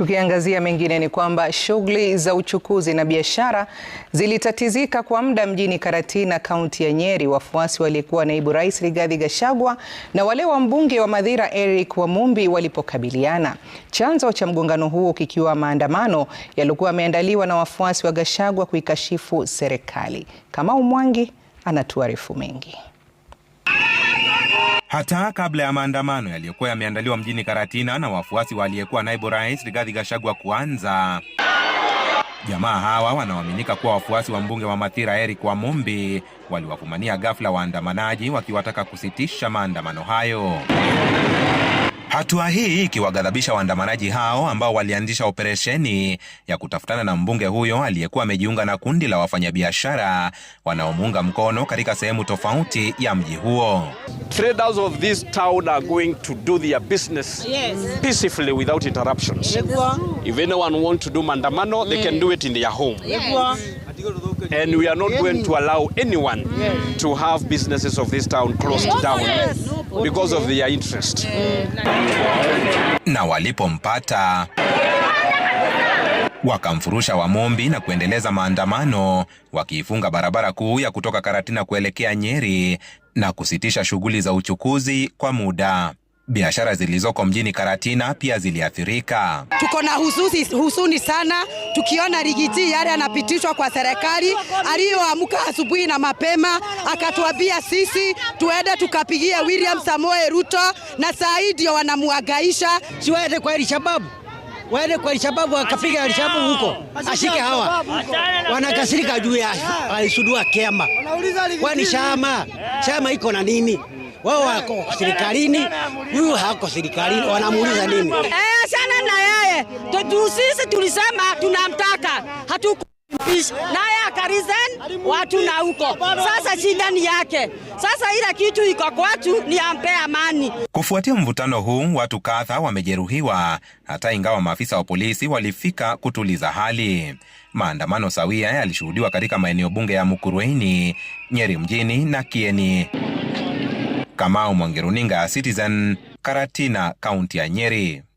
Tukiangazia mengine ni kwamba shughuli za uchukuzi na biashara zilitatizika kwa muda mjini Karatina, kaunti ya Nyeri. Wafuasi waliyekuwa naibu rais Rigathi Gachagua na wale wa mbunge wa Mathira Eric Wamumbi walipokabiliana, chanzo cha mgongano huo kikiwa maandamano yaliokuwa yameandaliwa na wafuasi wa Gachagua kuikashifu serikali. Kamau Mwangi anatuarifu mengi. Hata kabla ya maandamano yaliyokuwa yameandaliwa mjini Karatina na wafuasi wa aliyekuwa naibu rais Rigathi Gachagua kuanza, jamaa hawa wanaoaminika kuwa wafuasi wa mbunge wa Mathira Eric Wamumbi waliwafumania ghafla waandamanaji wakiwataka kusitisha maandamano hayo. Hatua hii ikiwaghadhabisha waandamanaji hao ambao walianzisha operesheni ya kutafutana na mbunge huyo aliyekuwa amejiunga na kundi la wafanyabiashara wanaomuunga mkono katika sehemu tofauti ya mji huo. Traders of this town are going to do their business peacefully without interruptions. If anyone want to do maandamano, they can do it in their home. And we are not going to allow anyone to have businesses of this town closed down because of their interest na walipompata wakamfurusha Wamombi na kuendeleza maandamano wakiifunga barabara kuu ya kutoka Karatina kuelekea Nyeri na kusitisha shughuli za uchukuzi kwa muda. Biashara zilizoko mjini Karatina pia ziliathirika. Tuko na husuni sana tukiona Rigiti yale anapitishwa kwa serikali aliyoamka asubuhi na mapema akatuambia sisi tuende tukapigia William Samoe Ruto, na saa hii ndio wanamuagaisha. Si waende kwa Alshababu, waende kwa Alshababu akapiga Alshababu huko ashike. Hawa wanakasirika juu ya aisudua kema, kwani shama shama iko na nini? wao wako serikalini, huyu hako serikalini, wanamuuliza nini? Eh, sana na yeye sisi tulisema tunamtaka hatuku naye akarizen watu na huko sasa, shida ni yake. Sasa ila kitu iko kwatu ni ampe amani. Kufuatia mvutano huu, watu kadha wamejeruhiwa, hata ingawa maafisa wa polisi walifika kutuliza hali. Maandamano sawia yalishuhudiwa katika maeneo bunge ya Mukurweini, Nyeri mjini na Kieni. Kamau Mwangi, runinga ya Citizen, Karatina, kaunti ya Nyeri.